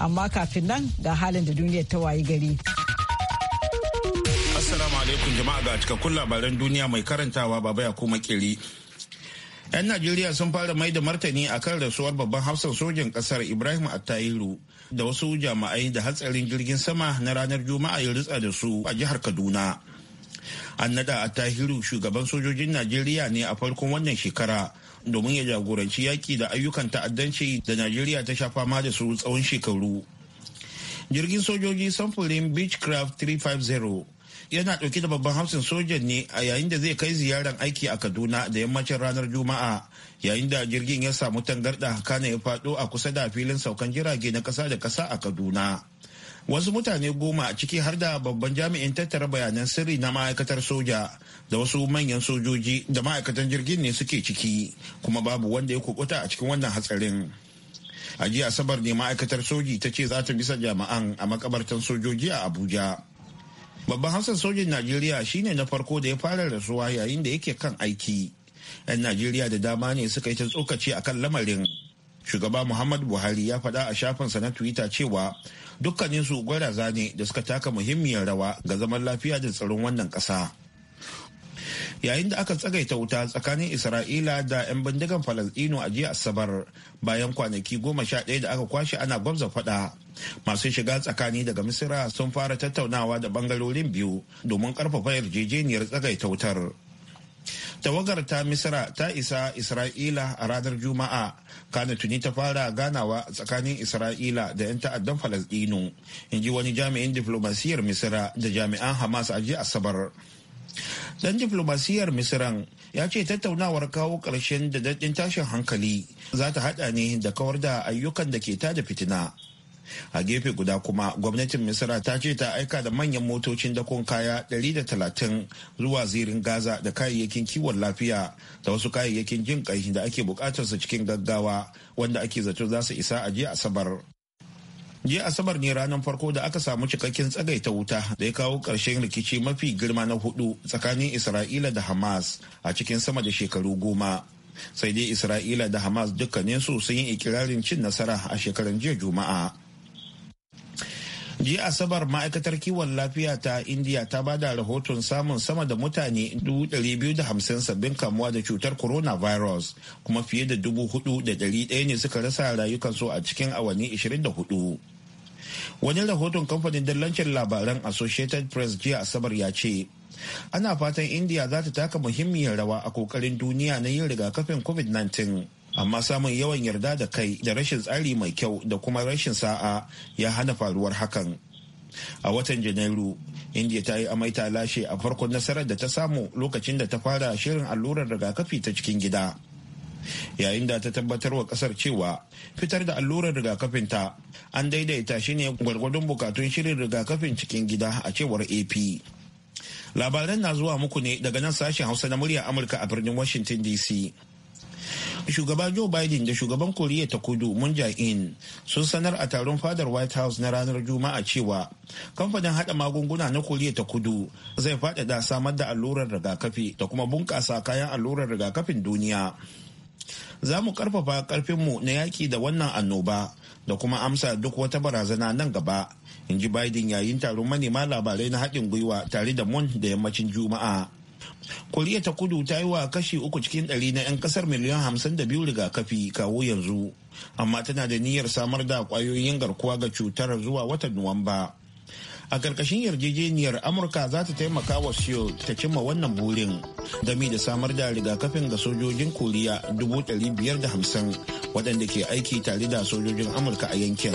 amma kafin nan ga halin da duniyar ta wayi gari. Assalamu alaikum jama'a ga cikakkun labaran duniya mai karantawa baba ya kuma kiri. 'Yan Najeriya sun fara mai da martani a kan rasuwar babban hafsan sojin kasar Ibrahim Attahiru da wasu jama'ai da hatsarin jirgin sama na ranar Juma'a ya ritsa da su a jihar Kaduna. annada Attahiru shugaban sojojin Najeriya ne a farkon wannan shekara domin ya jagoranci yaƙi da ayyukan ta'addanci da najeriya ta sha fama da su tsawon shekaru jirgin sojoji samfurin beechcraft 350 yana ɗauke da babban hamsin sojan ne a yayin da zai kai ziyarar aiki a kaduna da yammacin ranar juma'a yayin da jirgin ya samu tangarɗa kana ya faɗo a kusa da filin saukan jirage na ƙasa da ƙasa a kaduna wasu mutane goma a ciki har da babban jami'in tattara bayanan sirri na ma'aikatar soja da wasu manyan sojoji da ma'aikatan jirgin ne suke ciki kuma babu wanda ya kubuta a cikin wannan hatsarin a jiya asabar ne ma'aikatar soji ta ce za ta bisa jami'an a makabartan sojoji a abuja babban hassan sojin najeriya shine na farko da ya fara rasuwa yayin da yake kan aiki 'yan najeriya da dama ne suka yi ta tsokaci akan lamarin shugaba muhammadu buhari ya faɗa a shafinsa na twitter cewa dukkaninsu gwaraza ne da suka taka muhimmiyar rawa ga zaman lafiya da tsaron wannan ƙasa yayin da aka tsagaita wuta tsakanin isra'ila da 'yan bindigan falasdino a jiya asabar bayan kwanaki goma sha ɗaya da aka kwashe ana gwamza faɗa masu shiga tsakani daga misira sun fara tattaunawa da bangarorin biyu domin ƙarfafa yarjejeniyar tsagaita wutar tawagar ta misra ta isa isra'ila a ranar juma'a kana tuni ta fara ganawa tsakanin isra'ila da 'yan ta'addan falasdino in ji wani jami'in diflomasiyar misira da jami'an hamas a jiya asabar dan diflomasiyar misiran ya ce tattaunawar kawo ƙarshen da daɗin tashin hankali za ta haɗa ne da kawar da ayyukan da ke tada fitina a gefe guda kuma gwamnatin misira ta ce ta aika da manyan motocin dakon kaya 130 zuwa zirin gaza da kayayyakin kiwon lafiya da wasu kayayyakin jin kai da ake su cikin gaggawa wanda ake zato za su isa a jiya asabar jiya asabar ne ranar farko da aka samu cikakken tsagaita wuta da ya kawo ƙarshen rikici mafi girma na hudu tsakanin isra'ila da hamas a cikin sama da shekaru goma sai dai isra'ila da hamas dukkaninsu sun yi ikirarin cin nasara a shekaran jiya juma'a jiya asabar ma'aikatar kiwon lafiya ta indiya ta bada rahoton samun sama da mutane 250 sabbin kamuwa da cutar coronavirus kuma fiye da 4,100 ne suka rasa rayukansu a cikin awanni 24 wani rahoton kamfanin dallancin labaran associated press jiya asabar ya ce ana fatan India za ta taka muhimmiyar rawa a kokarin duniya na yin rigakafin covid-19 amma samun yawan yarda da kai da rashin tsari mai kyau da kuma rashin sa'a ya hana faruwar hakan a watan janairu india ta yi amai ta lashe a farkon nasarar da ta samu lokacin da ta fara shirin allurar rigakafi ta cikin gida yayin da ta tabbatar wa kasar cewa fitar da allurar rigakafin ta an daidaita shi ne gwargwadon bukatun shirin rigakafin cikin gida a cewar ap labaran na zuwa muku ne daga nan sashen hausa na murya amurka a birnin washington dc shugaba joe biden da shugaban koriya ta kudu mun in sun sanar a taron fadar white house na ranar juma'a cewa kamfanin hada magunguna na koriya ta kudu zai faɗaɗa samar da allurar rigakafi da kuma bunƙasa kayan allurar rigakafin duniya za mu karfafa karfinmu na yaki da wannan annoba da kuma amsa duk wata barazana nan gaba in ji biden yayin taron manema labarai na haɗin gwiwa tare da mun da yammacin juma'a koriya ta kudu ta yi wa kashi uku cikin ɗari na 'yan kasar miliyan hamsin da biyu rigakafi kawo yanzu amma tana da niyyar samar da kwayoyin garkuwa ga cutar zuwa watan nuwamba a ƙarƙashin yarjejeniyar amurka za ta taimaka wa siyo ta cimma wannan burin gami da samar da rigakafin ga sojojin koriya dubu ɗari biyar da hamsin waɗanda ke aiki tare da sojojin amurka a yankin.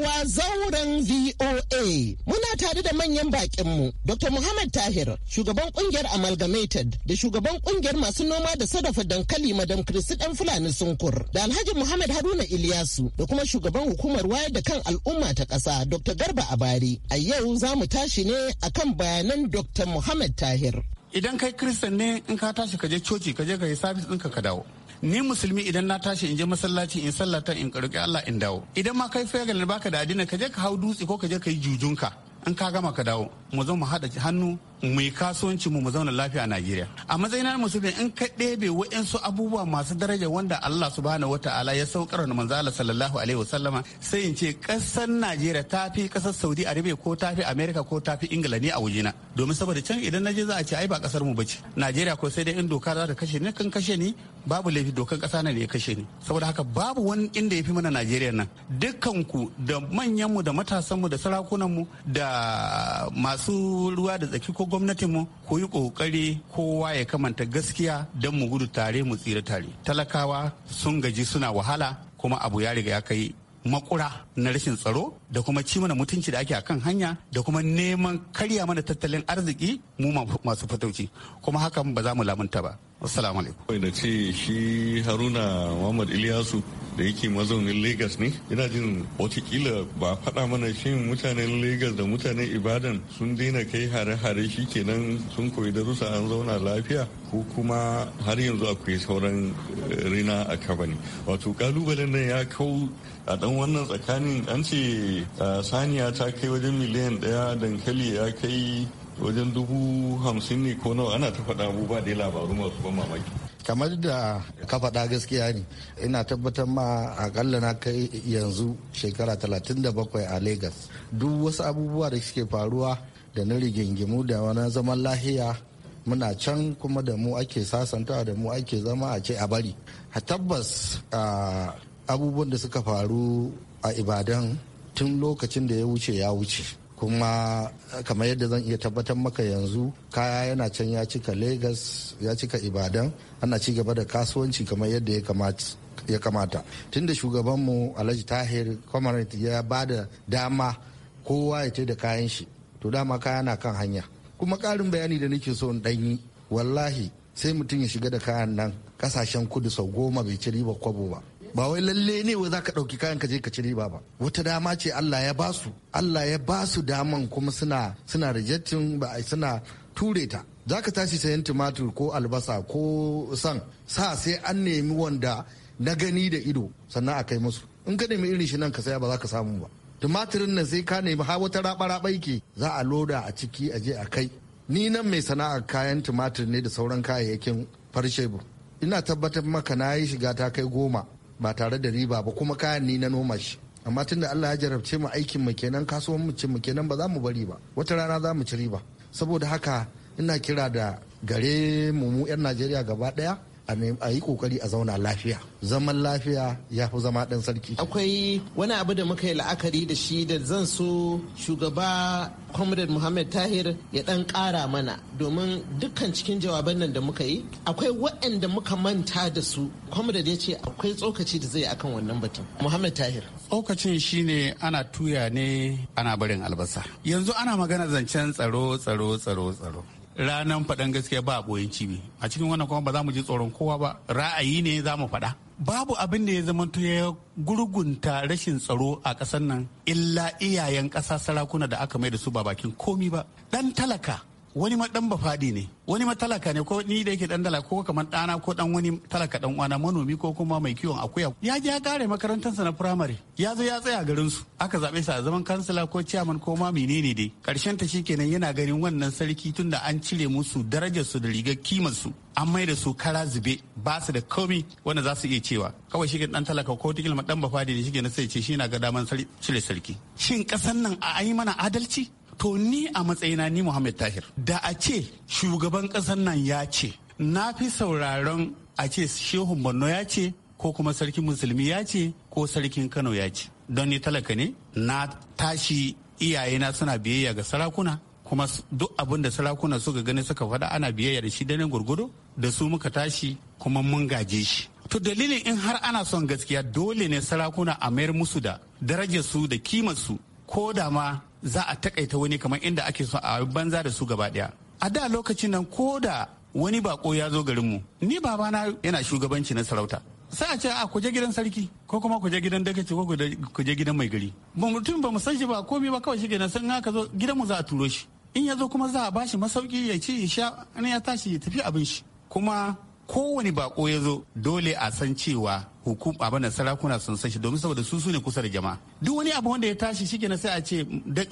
wa zauren VOA. Muna tare da manyan bakinmu, Dr. Muhammad Tahir, shugaban kungiyar Amalgamated da shugaban kungiyar masu noma da sadafa dankali Madam Kristi Dan Fulani Sunkur, da Alhaji Muhammad Haruna Iliyasu da kuma shugaban hukumar wayar da kan al'umma ta ƙasa Dr. Garba Abari. A yau za mu tashi ne akan bayanan Dr. Muhammad Tahir. Idan kai Kiristan ne in ka tashi ka je coci ka je ka yi sabis ɗinka ka dawo. ni musulmi idan na tashi in je masallaci in sallata in karki Allah in dawo idan ma kai fegal ne baka da addini ka je ka hau dutse ko ka je ka yi jujunka in ka gama ka dawo mu zo mu haɗa hannu mu yi kasuwanci mu mu zauna lafiya a Najeriya. A matsayin na musulmi in ka ɗebe wa'insu abubuwa masu daraja wanda Allah subhanahu wata'ala ya saukar da manzo Allah sallallahu alaihi wasallama sai in ce ƙasar Najeriya ta fi ƙasar Saudi Arabia ko ta fi Amerika ko ta fi Ingila ne a na Domin saboda can idan na je za a ce ai ba ƙasar mu bace. Najeriya ko sai dai in doka za ta kashe ni kan kashe ni babu laifi dokan ƙasa na ne ya kashe ni. Saboda haka babu wani inda ya fi mana Najeriya nan. Dukkan ku da manyanmu da matasanmu da sarakunanmu da masu ruwa da tsaki ko gwamnatinmu ku yi ƙoƙari kowa ya kamanta gaskiya don mu gudu tare mu tsira tare talakawa sun gaji suna wahala kuma abu ya riga ya kai makura na rashin tsaro da kuma ci mana mutunci da ake akan hanya da kuma neman karya mana tattalin arziki mu masu fatauci kuma hakan ba za mu lamunta ba Assalamu alaikum. Da ce shi Haruna Muhammad Iliyasu da yake mazaunin Legas ne, yana jin watakila ba faɗa mana shin mutanen Legas da mutanen Ibadan sun daina kai hare-hare shi kenan sun koyi darussa an zauna lafiya ko kuma har yanzu akwai sauran eh, rina a kabani. Wato kalubalen nan ya kau a dan wannan tsakanin an ce eh, saniya ta kai wajen miliyan ɗaya dankali ya kai wajen dubu hamsin ne ko nawa ana ta faɗa abubuwa da labaru masu ban mamaki kamar da ka faɗa gaskiya ne ina tabbatar ma akalla na kai yanzu shekara talatin da bakwai a lagos duk wasu abubuwa da suke faruwa da na rigingimu da wani zaman lahiya muna can kuma da mu ake sasantawa da mu ake zama a ce a bari a tabbas abubuwan da suka faru a ibadan tun lokacin da ya wuce ya wuce kuma kamar yadda zan iya tabbatar maka yanzu kaya yana can ya cika lagos ya cika ibadan ana ci gaba da kasuwanci kamar yadda ya kamata ya kamata tunda shugabanmu alhaji tahir comrade ya ba da dama kowa ya da kayan shi to dama kaya na kan hanya kuma ƙarin bayani da nake so in yi wallahi sai mutum ya shiga da kayan nan kasashen kudu sau goma bai ci riba kwabo ba ba wai lalle ne wai zaka dauki kayan ka je ka ci riba ba wata dama ce Allah ya basu Allah ya basu daman kuma suna suna rejecting ba suna ture ta zaka tashi sayan tumatur ko albasa ko san sa sai an nemi wanda na gani da ido sannan a kai musu in ka nemi irin shi nan ka saya ba za ka samu ba tumatirin nan sai ka nemi ha wata raba-raba yake za a loda a ciki a je a kai ni nan mai sana'ar kayan tumatir ne da sauran kayayyakin farshe ina tabbatar maka na yi shiga ta kai goma ba tare da riba ba kuma kayan ni na noma shi amma tunda Allah ya jarabce mu aikin mu kenan kasuwan mu mu kenan ba za mu bari ba wata rana za mu ci riba saboda haka ina kira da gare mu mu yan Najeriya gaba daya a yi kokari a zauna lafiya zaman lafiya ya fi zama ɗan sarki akwai wani abu da muka yi la'akari da shi da zan so shugaba comrade muhammad tahir ya ɗan ƙara mana domin dukkan cikin jawaban nan da muka yi akwai waɗanda muka manta da su comrade ya ce akwai tsokaci da zai akan wannan batun muhammad tahir tsokacin shine ana tuya ne ana barin albasa yanzu ana magana zancen tsaro tsaro tsaro tsaro ranar faɗan gaskiya ba a ɓoyin cibi a cikin wannan kuma ba za mu ji tsoron kowa ba ra'ayi ne za mu faɗa babu abin da ya zama ya gurgunta rashin tsaro a ƙasar nan illa iyayen ƙasa sarakuna da aka mai da su ba bakin komi ba ɗan talaka wani ma dan fadi ne wani ma talaka ne ko ni da yake dan dala ko kamar dana ko dan wani talaka dan uwana manomi ko kuma mai kiwon akuya ya je ya kare makarantarsa na firamare ya zo ya tsaya garin su aka zaɓe sa a zaman kansila ko chairman ko ma menene dai karshen ta shikenan yana ganin wannan sarki tunda an cire musu darajar su da rigar kimar su an mai da su kara zube ba su da komi wanda za su iya cewa kawai shi dan talaka ko tikil ma dan bafadi ne shikenan na sai ce shi na ga daman cire sarki shin kasan nan a yi mana adalci to ni a matsayina ni Muhammad Tahir da a ce shugaban ƙasar nan ya ce na fi sauraron a ce shehun Borno ya ce ko kuma sarkin musulmi ya ce ko sarkin Kano ya ce don ni talaka ne na tashi iyayena suna biyayya ga sarakuna kuma duk abin da sarakuna suka gani suka faɗa ana biyayya da shi da gurgudu da su muka tashi kuma mun gaje shi to dalilin in har ana son gaskiya dole ne sarakuna a mayar musu da darajar su da kimar su ko da ma za a takaita wani kamar inda ake so a banza da su gaba daya a da lokacin nan ko da wani bako ya zo garinmu ni babana yana shugabanci na sarauta sai a ce a kuje gidan sarki ko kuma kuje gidan dagaci ko kuje gidan mai gari ba mutum ba mu san shi ba komai ba kawai shi kenan sun haka zo gidanmu za a turo shi in ya zo kuma za a bashi masauki ya ci ya sha in ya tashi ya tafi abin shi kuma kowane bako ya zo dole a san cewa hukuma abana sarakuna sun san shi domin saboda su sune kusa da jama'a duk wani abu wanda ya tashi shi na sai a ce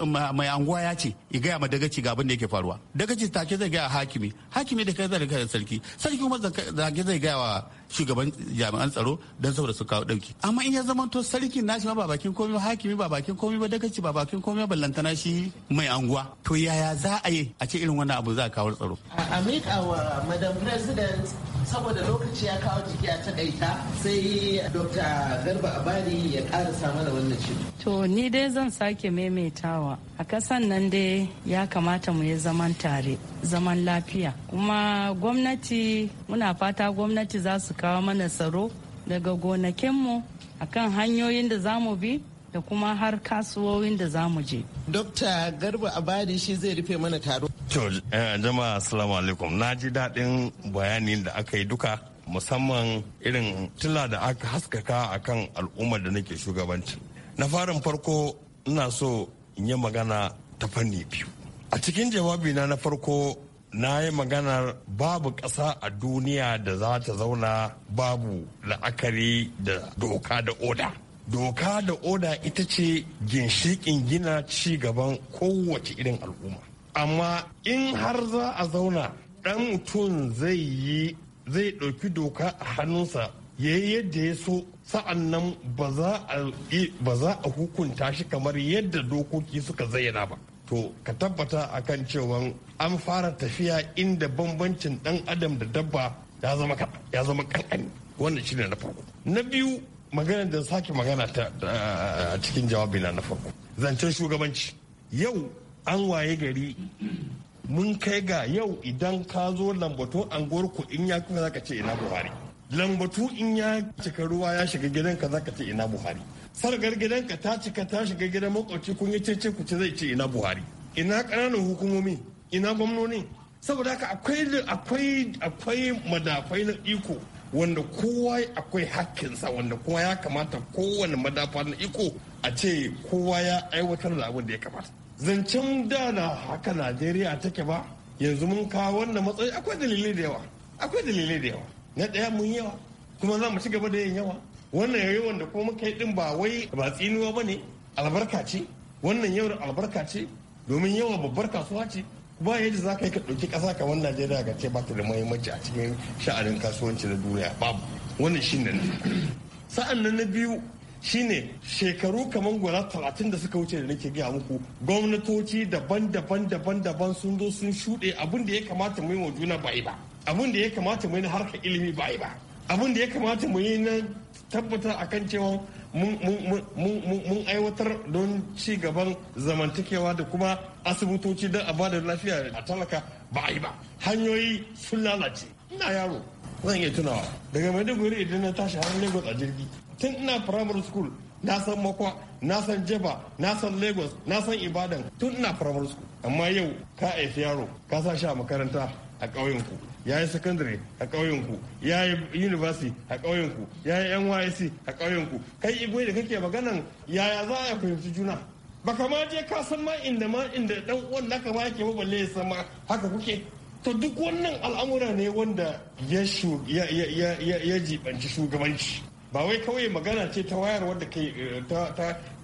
mai anguwa ya ce ya gaya ma dagaci ga abin da yake faruwa dagaci take zai gaya hakimi hakimi da kai zai gaya sarki sarki kuma zage zai gaya wa shugaban jami'an tsaro don saboda su kawo dauki amma in ya zama to sarkin nashi ma babakin komai ba hakimi babakin komai ba dagaci babakin komai ba lantana shi mai anguwa to yaya za a yi a ce irin wannan abu za a kawo tsaro a mika wa madam president saboda lokaci ya kawo jiki a takaita sai Garba Abadi ya karasa mana wannan shi. To ni dai zan sake maimaitawa. A kasan nan dai ya kamata mu yi zaman tare, zaman lafiya. Kuma gwamnati muna fata gwamnati za su kawo mana tsaro daga gonakinmu kan hanyoyin da za mu bi da kuma har kasuwowin da za mu je. Dokta Garba Abadi shi zai rufe mana taro. To, eh, jama'a assalamu alaikum. Na ji daɗin bayanin da aka yi duka musamman irin tila da aka haskaka a kan al'ummar da nake shugabanci na farin farko ina so in yi magana ta fanni biyu a cikin jawabina na farko na yi maganar babu ƙasa a duniya da za ta zauna babu la'akari da doka da oda doka da oda ita ce ginshiƙin gina ci gaban kowace irin al'umma amma in har za a zauna ɗan mutum zai yi zai ɗauki doka a hannunsa ya yi yadda ya so sa'an nan ba za a hukunta shi kamar yadda dokoki suka zayyana ba to ka tabbata a kan cewa an fara tafiya inda bambancin dan adam da dabba ya zama kankani wannan shine na farko na biyu magana da sake magana ta a cikin jawabina na farko zancen shugabanci yau an waye gari mun kai ga yau idan ka zo lambatu anguwar ku in ya kuma zaka ce ina buhari lambatu in ya cika ruwa ya shiga gidanka zaka ce ina buhari sargar gidanka ta cika ta shiga gidan makwabci kun yi cece ku ce zai ce ina buhari ina ƙananan hukumomi ina gwamnoni saboda haka akwai akwai akwai madafai na iko wanda kowa akwai hakkinsa wanda kowa ya kamata kowane madafa na iko a ce kowa ya aiwatar da abin da ya kamata zancen da na haka najeriya take ba yanzu mun kawo wannan matsayi akwai dalilai da yawa akwai dalilai da yawa na ɗaya mun yawa kuma za mu ci gaba da yin yawa wannan yawan da kuma muka yi din ba wai ba tsinuwa ba ne albarka ce wannan yawar albarka ce domin yawa babbar kasuwa ce ba yadda za ka yi ka ɗauki ƙasa ka kamar najeriya ga ce ba ta da muhimmanci a cikin sha'anin kasuwanci na duniya babu wannan shi ne sa'an nan na biyu shine shekaru kamar gwala talatin da suka wuce da nake gaya muku gwamnatoci daban-daban daban-daban sun zo sun shuɗe abin da ya kamata mu yi wa juna ba ba abin da ya kamata mu yi na harkar ilimi ba ba abin da ya kamata mu yi na tabbatar kan cewa mun aiwatar don ci gaban zamantakewa da kuma asibitoci don a bada lafiya a talaka ba a yi ba hanyoyi sun lalace ina yaro zan iya tunawa daga maiduguri idan na tashi har lagos a jirgi tun ina primary school na san makwa na san jeba na san lagos na san ibadan tun ina primary school amma yau ka aifi yaro ka sa shi a makaranta a ƙauyenku ya yi secondary a ƙauyenku ya yi university a ƙauyenku ya yi nysc a ƙauyenku kai ibo da kake maganan yaya za a fahimci juna ba ma je ka san ma inda ma inda dan uwan da ka ma yake balle ya san ma haka kuke to duk wannan al'amura ne wanda ya jibanci shugabanci ba wai kawai magana ce ta wayar wadda kai eh,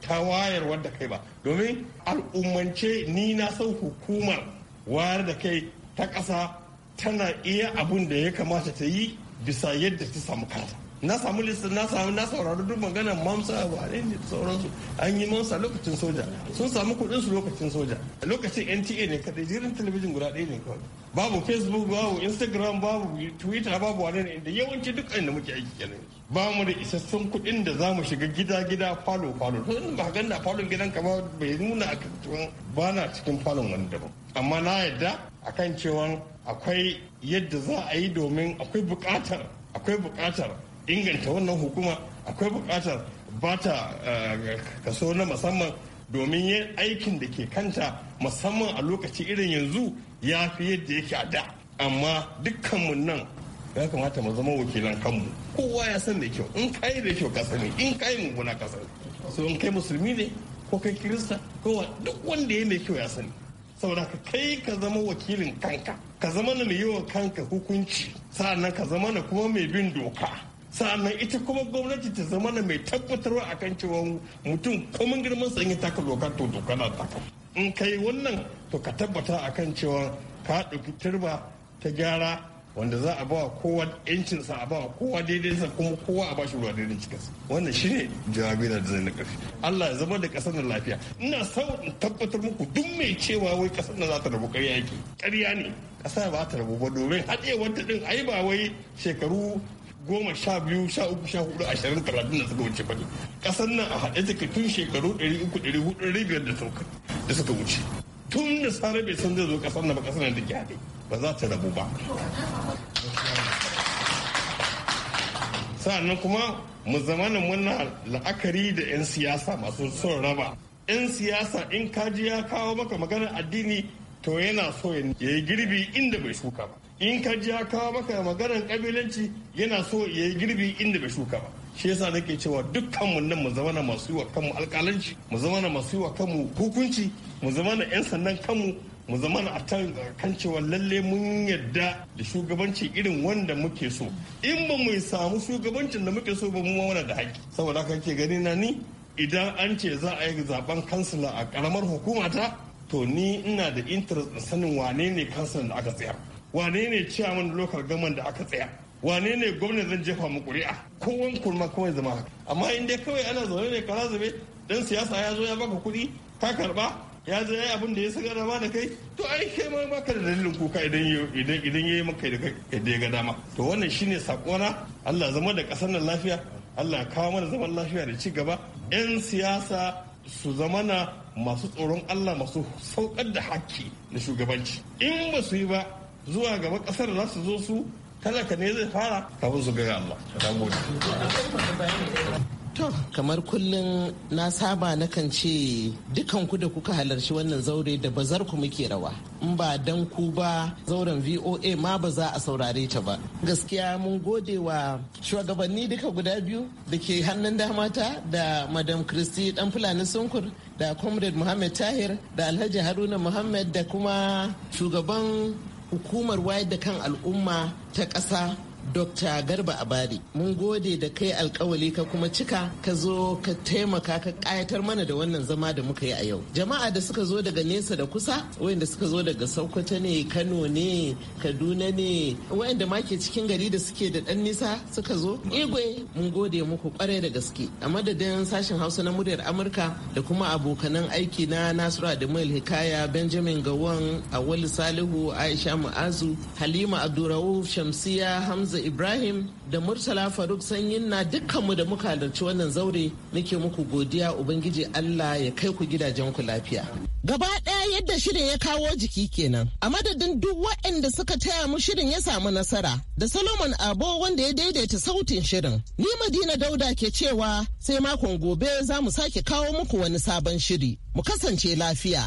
ta wayar wadda kai ba domin al'ummance ni na san hukumar wayar da kai ta ƙasa tana iya abun da ya kamata ta yi bisa yadda ta samu kanta na samu listin na samu na saurari duk maganar mamsa ba ne sauransu an yi mamsa lokacin soja sun samu kuɗin su lokacin soja lokacin nta ne kadai jirin talabijin guda ɗaya ne kawai babu facebook babu instagram babu twitter babu wane ne da yawanci duk da muke aiki kenan ba mu da isassun kuɗin da za mu shiga gida gida falo falo to in ba ganda falon gidan ka ba bai nuna a kan ba na cikin falon wani daban amma na yadda kan cewa akwai yadda za a yi domin akwai bukatar akwai buƙatar inganta wannan hukuma akwai buƙatar ba ta eh, kaso na musamman domin yin aikin da ke kanta musamman a lokaci irin yanzu ya fi yadda yake a da amma dukkanmu nan ya kamata mu zama wakilan kanmu kowa ya san da kyau in kai da kyau ka ne in kai mu guna sani so in kai musulmi ne ko kai kirista ko duk wanda ya mai kyau ya sani saboda ka kai ka zama wakilin kanka ka zama na mai yawan kanka hukunci sa'annan ka zama na kuma mai bin doka sa'annan ita kuma gwamnati ta zama na mai tabbatarwa a kan cewa mutum komin girman sa ya taka doka to doka na taka in kai wannan to ka tabbata kan cewa ka ɗauki turba ta gyara wanda za a bawa kowa yancin sa a bawa kowa daidai sa kuma kowa a bashi ruwa daidai cikin wannan shine jawabi da zai na ƙarfi Allah ya zama da ƙasar nan lafiya ina son in tabbatar muku duk mai cewa wai ƙasar nan za ta rabu ƙarya yake ƙarya ne ƙasa ba ta rabu ba domin haɗewar ta ɗin ai ba wai shekaru goma sha biyu sha uku sha hudu ashirin talatin da suka wuce bane ƙasar nan a haɗe take tun shekaru ɗari uku ɗari hudu ɗari biyar da suka wuce tun da sare bai san zai zo ƙasar nan ba ƙasar nan da ke haɗe ba za ta rabu ba sa'annan kuma mu zamanin muna la'akari da 'yan siyasa masu son raba 'yan siyasa in kaji ya kawo maka maganar addini to yana so ya yi girbi inda bai shuka ba in ka ji ya kawo maka maganar kabilanci yana so ya yi girbi inda bai shuka ba shi yasa nake cewa mu nan mu zama na masu yi wa kanmu alƙalanci mu zama na masu yi wa kanmu hukunci mu zama na 'yan sandan kanmu mu zama na a kan cewa lalle mun yadda da shugabanci irin wanda muke so in ba mu samu shugabancin da muke so ba mu ma wani da haƙƙi saboda haka ke gani na ni idan an ce za a yi zaben kansila a ƙaramar hukumata to ni ina da interest sanin wane ne kansilan da aka tsayar wane ne ciyaman local government da aka tsaya wane ne gwamnati zan jefa mu kuri'a kowan kurma kawai zama haka amma in dai kawai ana zaune ne kara zube dan siyasa ya zo ya baka kuɗi ka karba ya zo ya abin da ya saka da da kai to ai kai ma baka da dalilin kuka idan idan idan yayi maka da da ya ga dama to wannan shine sakona Allah zama da kasar nan lafiya Allah ya kawo mana zaman lafiya da ci gaba yan siyasa su zamana masu tsoron Allah masu saukar da haƙƙi na shugabanci in ba su yi ba zuwa gaba kasar za su zo su talaka ne zai fara kafin su gaya Allah To, kamar kullum na saba na kan ce dukanku da kuka halarci wannan zaure da bazar ku muke rawa. In ba dan ku ba zauren VOA ma ba za a saurare ta ba. Gaskiya mun gode wa shugabanni duka guda biyu da ke hannun damata da Madam Kristi dan Fulani Sunkur da Comrade Muhammad Tahir da Alhaji Haruna Muhammad da kuma shugaban hukumar wayar da kan al'umma ta ƙasa Dr. Garba Abadi, mun gode da kai alkawali ka kuma cika ka zo ka taimaka ka kayatar mana da wannan zama da muka yi a yau. Jama'a da suka zo daga nesa da kusa, wayanda suka zo daga Sokoto ne, Kano ne, Kaduna ne, wayanda ma ke cikin gari da suke da ɗan nisa suka zo. Igwe, mun gode muku kwarai da gaske. A madadin sashen Hausa na muryar Amurka da kuma abokanan aiki na Nasiru Adamuel Hikaya, Benjamin Gawon, Awali Salihu, Aisha Mu'azu, Halima Abdurrahu Shamsiya, Hamza Hamza Ibrahim da Murtala Faruk Sanyin na dukkanmu da muka halarci wannan zaure nake muku godiya Ubangiji Allah ya kai ku gidajen ku lafiya. Gaba ɗaya yadda shirin ya kawo jiki kenan. A madadin duk waɗanda suka taya mu shirin ya samu nasara da Solomon Abo wanda ya daidaita sautin shirin. Ni Madina Dauda ke cewa sai makon gobe za mu sake kawo muku wani sabon shiri. Mu kasance lafiya.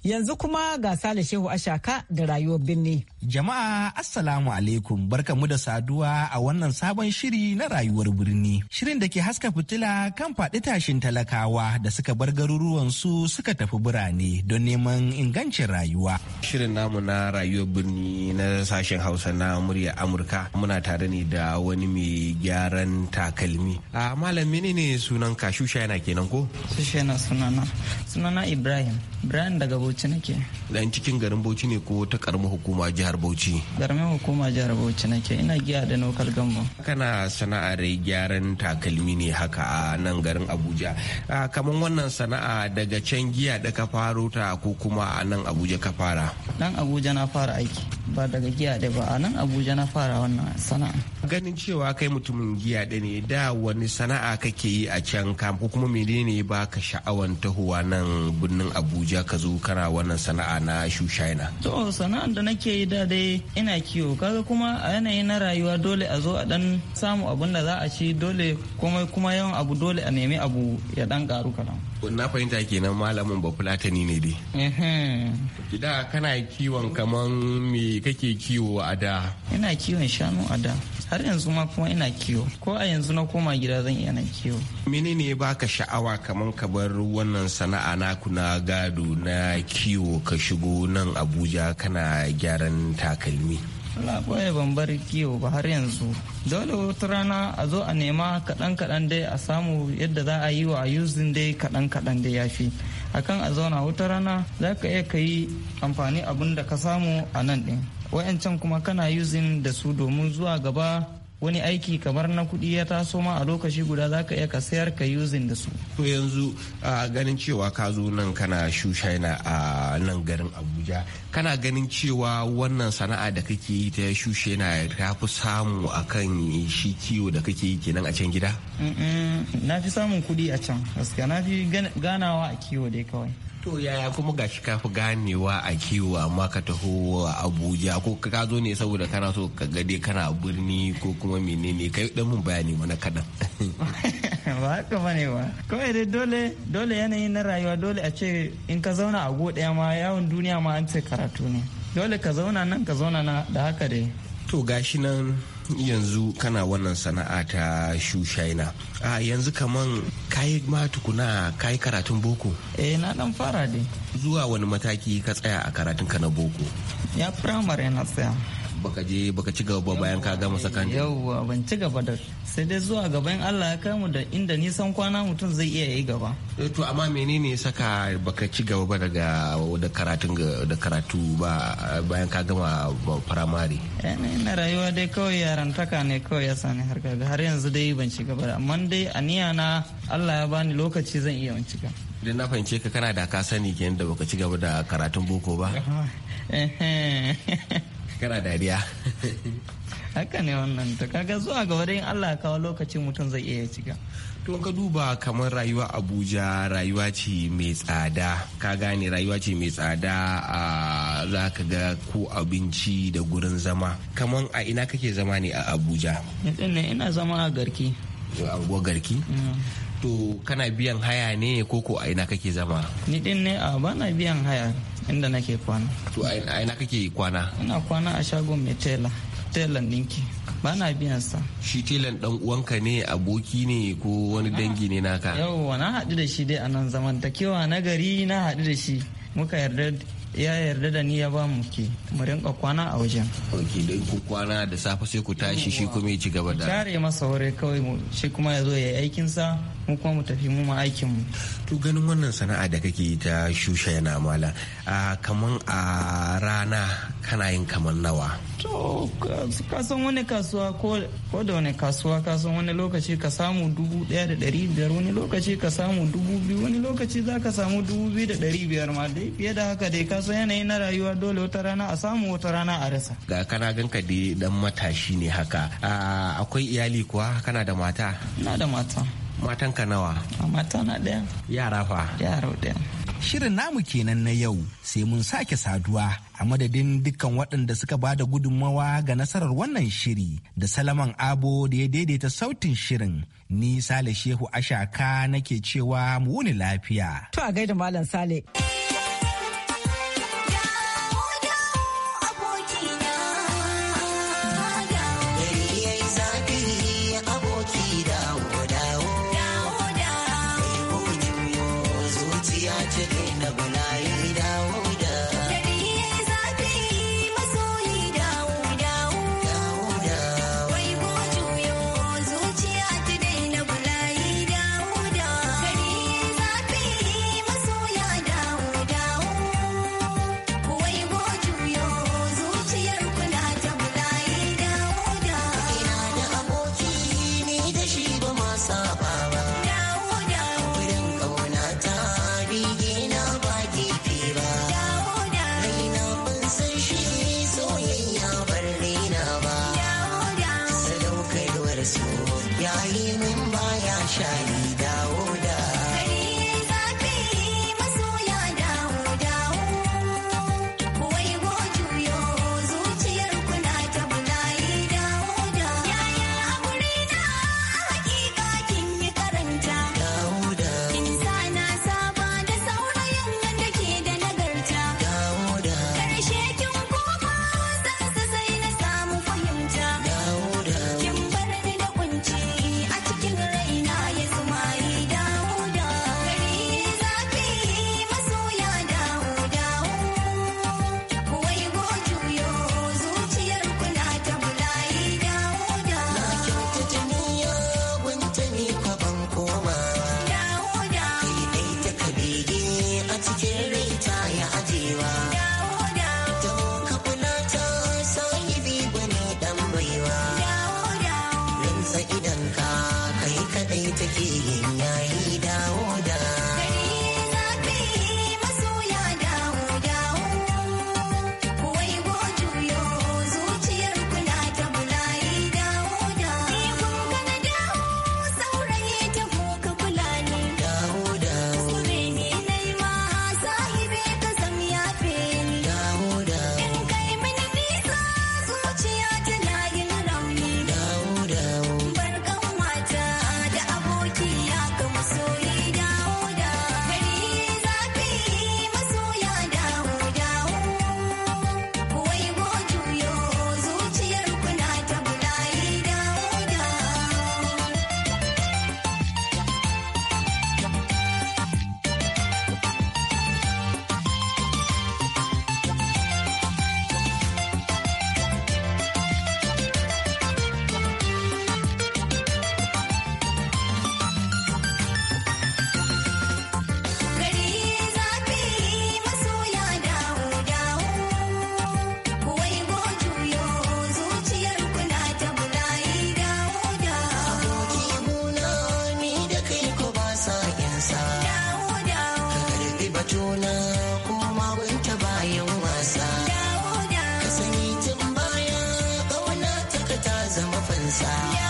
Yanzu kuma ga Sale Shehu Ashaka da rayuwar birni. Jama'a Assalamu alaikum barkamu da saduwa a wannan sabon shiri na rayuwar birni. Shirin da ke haska fitila kan faɗi tashin talakawa da suka bar garuruwansu suka tafi birane don neman ingancin rayuwa. Shirin namu na rayuwar birni na sashen Hausa na murya Amurka muna tare ne da wani mai gyaran takalmi. A ah, malam menene sunan kashusha yana kenan ko? Shusha sunana. Sunana Ibrahim. Ibrahim daga Bauchi nake. Dan cikin garin Bauchi ne ko ta karamin hukuma jihar Bauchi? Karamar hukuma jihar Bauchi nake ina giya da nokal gambo. Kana sana'ar gyaran takalmi ne haka a nan garin Abuja. Kamar wannan sana'a daga can giya da ka faro ta ko kuma a nan Abuja ka fara? Nan Abuja na fara aiki ba daga giya da ba a nan Abuja na fara wannan sana'a. Ganin cewa kai mutumin giya da ne da wani sana'a kake yi a can ko kuma menene ba ka sha'awan tahowa nan birnin Abuja ka zo kana fara wannan sana'a na shushaina? To sana'an da nake yi da dai ina kiwo kaga kuma a yanayi na rayuwa dole a zo a dan samu abun da za a ci dole kuma kuma yawan abu dole a nemi abu ya dan karu kadan. Na fahimta kenan malamin ba fulatani ne dai. Da kana kiwon kaman me kake kiwo a da? Ina kiwon shanu a da. Har yanzu ma kuma ina kiwo. Ko a yanzu na koma gida zan iya na kiwo. Menene ya baka sha'awa kaman ka bar wannan sana'a naku na gado na kiwo ka shigo nan abuja kana gyaran takalmi labarai ban bar kiwo ba har yanzu dole wata rana a zo a nema kaɗan kaɗan dai a samu yadda za a yi wa yuzin dai kaɗan kaɗan dai ya fi akan a zauna wata rana za ka iya ka yi amfani abin da ka samu a nan ɗin wayancan kuma kana yuzin da su domin zuwa gaba wani aiki kamar na kuɗi ya taso ma a lokaci guda za ka iya ka sayar ka using da su. To yanzu a ganin cewa ka zo nan kana shushaina a nan garin Abuja kana ganin cewa wannan sana'a da kake yi ta shushaina ta fi samu a kan shi kiwo da kake yi kenan a can gida? Na fi samun kuɗi a can gaskiya na fi ganawa a kiwo dai kawai. To yaya kuma ga ka kafi ganewa a kiwo amma ka taho a Abuja ko ka zo ne saboda kana so ka gade kana birni ko kuma menene kai dan mun bayani mana kadan. Ba haka bane ba. Kawai dai dole dole yanayi na rayuwa dole a ce in ka zauna a gode ma yawon duniya ma an ce karatu ne. Dole ka zauna nan ka zauna na da haka dai. To gashi nan yanzu kana wannan sana'a ta shushaina a yanzu kaman kayi ma tukuna kayi karatun boko eh na dan fara dai zuwa wani mataki ka tsaya a karatun ka na boko ya firamare na tsaya baka je baka ci gaba bayan ka gama sakan yauwa ban ci gaba da sai dai zuwa gaban Allah ya kai mu da inda nisan kwana mutum zai iya yi gaba eh, to amma menene ya saka baka ci gaba ba daga da karatun da karatu ba bayan ka gama firamare eh, na rayuwa dai kawai yarantaka ne kawai ya sani har ga har yanzu dai ban ci gaba amma dai aniya na Allah ya bani lokaci zan iya wancika idan na fahimce ka kana da ka sani kenan da baka ci gaba da karatun boko ba eh, kana dariya haka ne wannan to kaga zuwa gaba da Allah kawo lokacin mutum zai iya shiga to ka duba kamar rayuwa Abuja rayuwa ce mai tsada ka gane rayuwa ce mai tsada a za ka ga ko abinci da gurin zama kamar a ina kake zama ne a Abuja ina zama a garki a garki mm. to kana biyan haya ne ko ko a ina kake zama ni din ne a bana biyan haya inda nake kwana to a ina kake kwana ina kwana a shagon mai tela telan ninki. ba na biyan sa shi telan dan uwanka ne aboki ne ko wani ah, dangi ne naka yawwa na haɗu da shi dai a nan zamantakewa na gari na haɗu da shi muka yarda ya yarda da ni ya ba mu ke mu rinka kwana a wajen. Ok don ku kwana da safe sai ku tashi shi kuma ya ci gaba da. Share masa wuri kawai mu shi kuma ya zo ya yi aikinsa mu kuma mu tafi mu aikin mu to ganin wannan sana'a da kake ta shusha yana mala a kaman a rana kana yin kaman nawa to ka san wani kasuwa ko da wani kasuwa ka san wani lokaci ka samu dubu daya da dari biyar wani lokaci ka samu dubu biyu wani lokaci za ka samu dubu biyu da dari biyar ma dai fiye da haka dai ka san yanayi na rayuwa dole wata rana a samu wata rana a rasa ga kana ganka dai dan matashi ne haka akwai iyali kuwa kana da mata na da mata Matan ka nawa? Mata na ɗaya. Yara fa? Yaro ɗaya. Shirin namu kenan na yau sai mun sake saduwa a madadin dukkan waɗanda suka ba da gudunmawa ga nasarar wannan shiri da Salaman Abo da ya daidaita sautin shirin. Ni Sale Shehu Ashaka nake cewa mu wuni lafiya. To a gaida Malam Sale. Yeah.